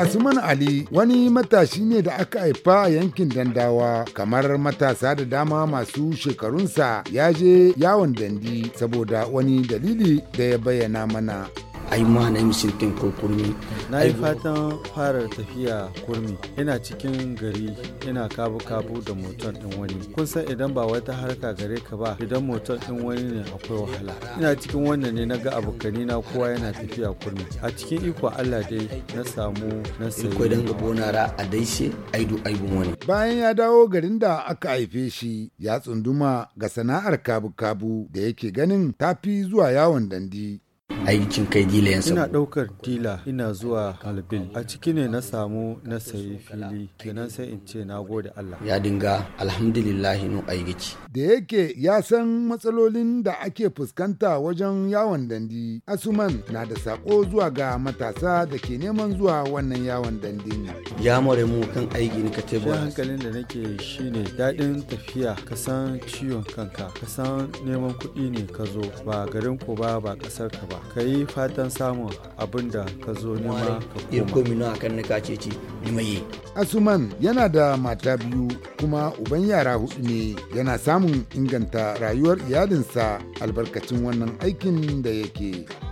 Asuman Ali wani matashi ne da aka haifa a yankin Dandawa kamar matasa da dama masu shekarunsa ya je yawon dandi saboda wani dalili da ya bayyana mana. ai ma na yi misintin ko kurmi na yi fatan fara tafiya kurmi ina cikin gari ina kabu kabu da motar din wani kun san idan ba wata harka gare ka ba idan motar din wani ne akwai wahala ina cikin wannan ne na ga abokani na kowa yana tafiya kurmi a cikin iko Allah dai na samu na sayi ko dan gabo na ra a daishe aidu aibu wani bayan ya dawo garin da aka haife shi ya tsunduma ga sana'ar kabu kabu da yake ganin tafi zuwa yawon dandi aikin kai dila yansa ina daukar dila ina zuwa kalbil a ciki ne na samu na sayi fili kenan sai in ce na gode Allah ya dinga alhamdulillah no aiki da yake ya san matsalolin da ake fuskanta wajen yawon dandi asuman na da sako zuwa ga matasa da ke neman zuwa wannan yawon dandi. ya more mu kan aiki ne ka ba hankalin da nake shine dadin tafiya ka san ciwon kanka ka san neman kuɗi ne ka zo ba garin ku ba ba ƙasar ka ba ka yi fatan samun abin da ka zo nema ka koma. akan na ci nimaye. Asuman yana da mata biyu kuma uban yara hudu ne yana samun inganta rayuwar iyalinsa albarkacin wannan aikin da yake.